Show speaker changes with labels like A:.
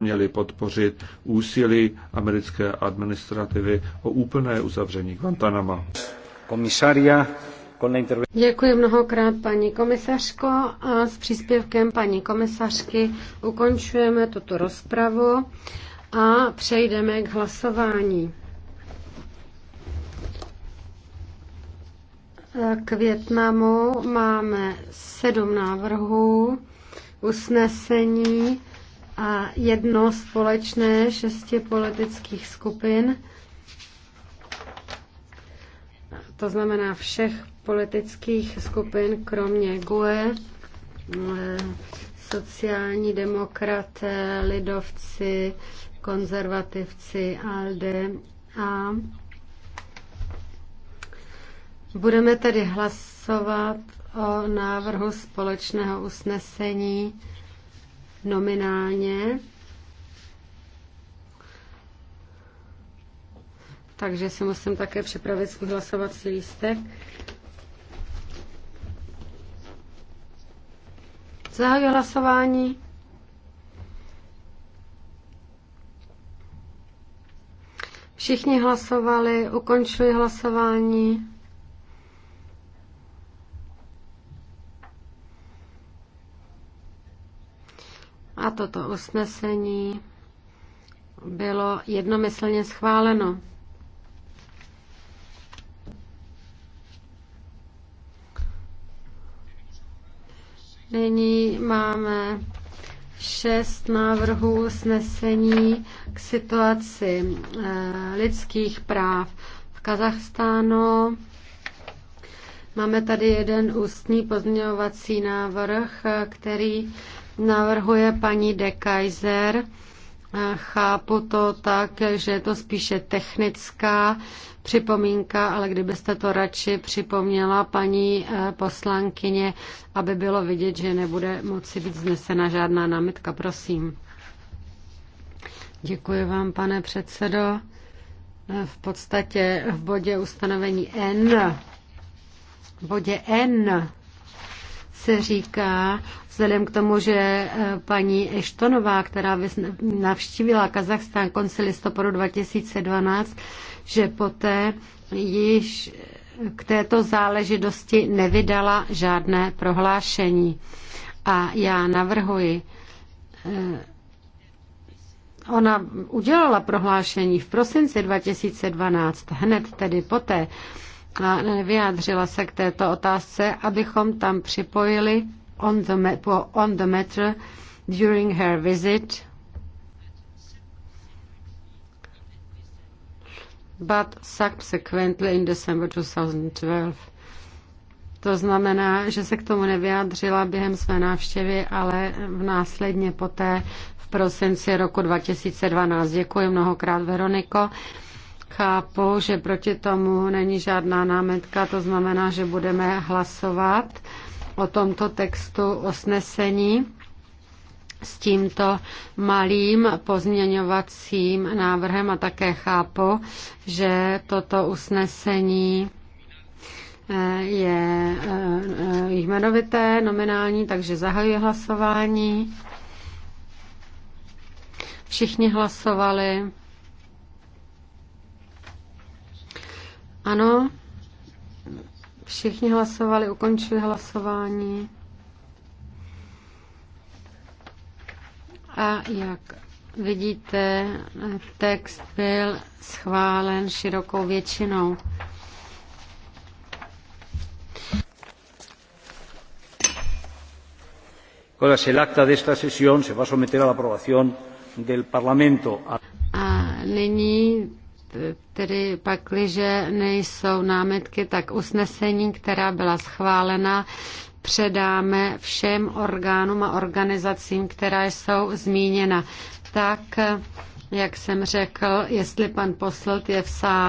A: měli podpořit úsilí americké administrativy o úplné uzavření Guantanama. Komisaria, Děkuji mnohokrát, paní komisařko, a s příspěvkem paní komisařky ukončujeme tuto rozpravu a přejdeme k hlasování. K Větnamu máme sedm návrhů usnesení a jedno společné šesti politických skupin, to znamená všech politických skupin, kromě GUE, eh, sociální demokraté, lidovci, konzervativci, ALDE a budeme tedy hlasovat o návrhu společného usnesení nominálně. Takže si musím také připravit svůj hlasovací lístek. Zahajuji hlasování. Všichni hlasovali, Ukončili hlasování. a toto usnesení bylo jednomyslně schváleno. Nyní máme šest návrhů usnesení k situaci eh, lidských práv v Kazachstánu. Máme tady jeden ústní pozměňovací návrh, eh, který navrhuje paní de Kaiser. Chápu to tak, že je to spíše technická připomínka, ale kdybyste to radši připomněla paní eh, poslankyně, aby bylo vidět, že nebude moci být znesena žádná námitka, prosím. Děkuji vám, pane předsedo. Eh, v podstatě v bodě ustanovení N, v bodě N se říká, vzhledem k tomu, že eh, paní Eštonová, která navštívila Kazachstán konci listopadu 2012, že poté již eh, k této záležitosti nevydala žádné prohlášení. A já navrhuji, eh, ona udělala prohlášení v prosinci 2012, hned tedy poté, Nevyjádřila se k této otázce, abychom tam připojili on the, po on the matter during her visit but subsequently in December 2012. To znamená, že se k tomu nevyjádřila během své návštěvy, ale v následně poté v prosinci roku 2012. Děkuji mnohokrát, Veroniko. Chápu, že proti tomu není žádná námetka, to znamená, že budeme hlasovat o tomto textu osnesení s tímto malým pozměňovacím návrhem a také chápu, že toto usnesení eh, je eh, jmenovité, nominální, takže zahajuji hlasování. Všichni hlasovali. Ano, všichni hlasovali, ukončili hlasování. A jak vidíte, text byl schválen širokou většinou. Colegas, el acta de esta sesión se va a someter a la aprobación del Parlamento. A nyní tedy pakliže nejsou námitky, tak usnesení, která byla schválena, předáme všem orgánům a organizacím, která jsou zmíněna. Tak, jak jsem řekl, jestli pan poslat je v sále,